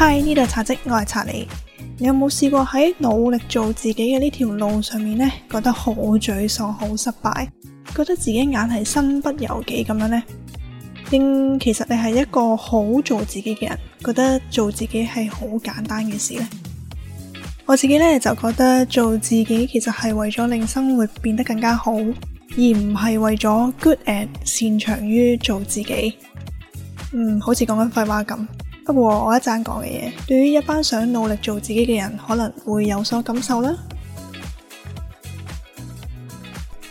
Hi，呢度茶嘖，我係查理。你有冇試過喺努力做自己嘅呢條路上面呢？覺得好沮喪、好失敗，覺得自己硬係身不由己咁樣呢？定其實你係一個好做自己嘅人，覺得做自己係好簡單嘅事呢。我自己呢，就覺得做自己其實係為咗令生活變得更加好，而唔係為咗 good at，擅長於做自己。嗯，好似講緊廢話咁。不過我一陣講嘅嘢，對於一班想努力做自己嘅人，可能會有所感受啦。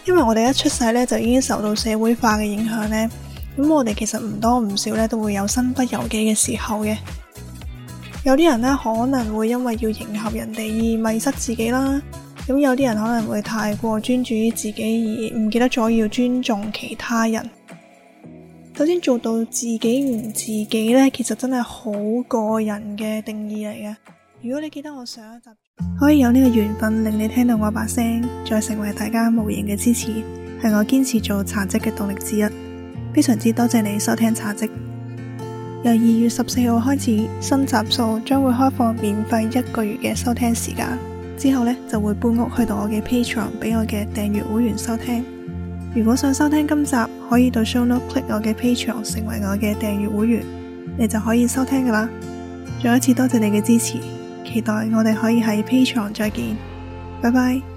因為我哋一出世呢，就已經受到社會化嘅影響呢。咁我哋其實唔多唔少呢，都會有身不由己嘅時候嘅。有啲人呢，可能會因為要迎合人哋而迷失自己啦。咁有啲人可能會太過專注於自己而唔記得咗要尊重其他人。首先做到自己唔自己呢，其實真係好個人嘅定義嚟嘅。如果你記得我上一集，可以有呢個緣分令你聽到我把聲再成為大家無形嘅支持，係我堅持做茶嘖嘅動力之一。非常之多謝你收聽茶嘖，由二月十四號開始，新集數將會開放免費一個月嘅收聽時間，之後呢就會搬屋去到我嘅 Patreon 俾我嘅訂閱會員收聽。如果想收聽今集，可以到 ShowNote click 我嘅 Patreon 成為我嘅訂閱會員，你就可以收聽噶啦。再一次多謝你嘅支持，期待我哋可以喺 Patreon 再見，拜拜。